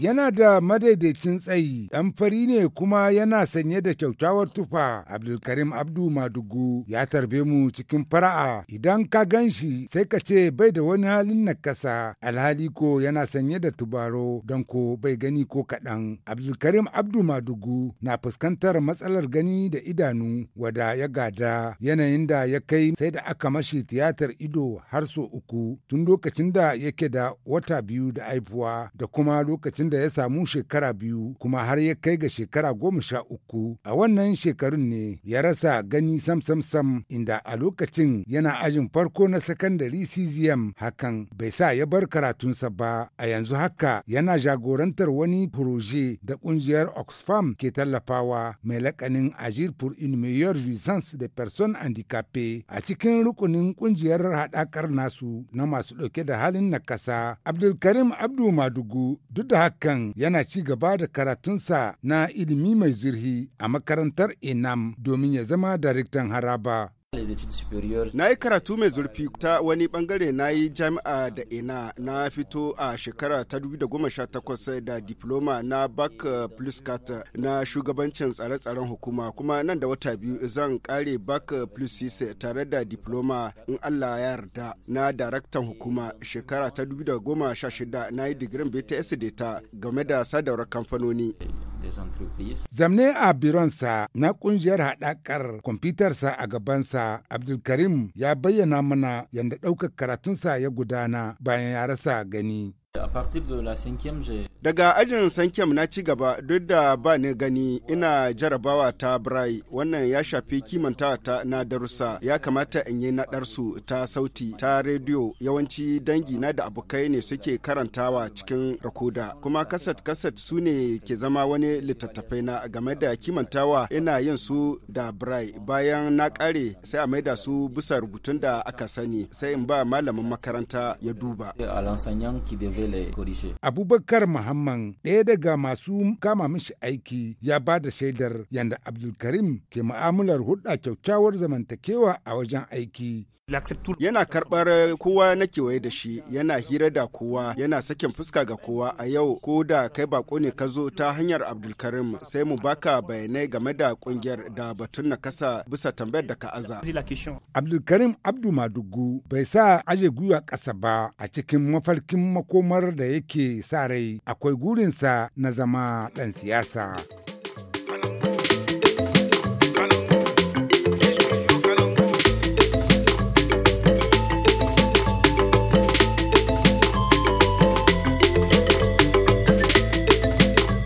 Yana da madaidaicin tsayi, ɗan fari ne kuma yana sanye da kyaukyawar tufa Abdulkarim Abdu Madugu ya tarbe mu cikin fara'a idan ka gan shi sai ka ce bai da wani halin na kasa. alhali ko yana sanye da tubaro don ko bai gani ko kaɗan. Abdulkarim Abdu Madugu na fuskantar matsalar gani da idanu wada ya gada yanayin da ya kai sai da aka mashi tiyatar ido har so uku tun lokacin da yake da wata biyu da aifuwa da kuma lokacin lokacin da ya samu shekara biyu kuma har ya kai ga shekara goma sha uku a wannan shekarun ne ya rasa gani sam sam sam inda a lokacin yana ajin farko na sakandare CZM hakan bai sa ya bar karatunsa ba a yanzu haka yana jagorantar wani proje da kungiyar Oxfam ke tallafawa mai lakanin Agir pour une meilleure jouissance des personnes handicapées a cikin rukunin kungiyar haɗakar nasu na masu ɗauke da halin nakasa Abdulkarim Abdu Madugu duk da haka hakan yana ci gaba da karatunsa na ilimi mai zurhi a makarantar inam domin ya zama daraktan haraba Na yi karatu mai zurfi ta wani bangare na yi jami'a da ina na fito a shekara ta 2018 da diploma na Back Plus na shugabancin tsare-tsaren hukuma kuma nan da wata biyu zan kare Back Plus tare da diploma in Allah ya yarda na daraktan hukuma shekara ta 2016 na yi digirin BTS ta game da sadarwar kamfanoni. Zamne a bironsa na kungiyar haɗakar kwamfutarsa a gabansa sa Abdulkarim ya bayyana mana yadda ɗaukar karatunsa ya gudana bayan ya rasa gani. Daga ajin Sankem na ci gaba duk da ba ni gani ina jarabawa ta Birai wannan ya shafi kimantawa ta na darussa ya kamata in yi naɗarsu ta sauti ta rediyo yawanci dangi na da abokai ne suke karantawa cikin rakoda kuma kasat kasat su ne ke zama wani littattafai na game da kimantawa ina yin su da Birai bayan na kare sai a maida su bisa rubutun da aka sani sai in ba malamin makaranta ya duba. Abubakar Hamman ɗaya daga masu kama mishi aiki ya ba da shaidar yadda Abdulkarim ke ma'amular hulɗa kyakkyawar zamantakewa a wajen aiki Yana karbar kowa na kewaye da shi, yana hira da kowa, yana sakin fuska ga kowa a yau ko da kai bako ne ka zo ta hanyar Abdulkarim sai mu baka bayanai game da kungiyar da batun na kasa bisa tambayar da ka aza. Abdulkarim Abdu Madugu bai sa aje gwiwa kasa ba a cikin mafarkin makomar da yake sa rai akwai gurinsa na zama dan siyasa.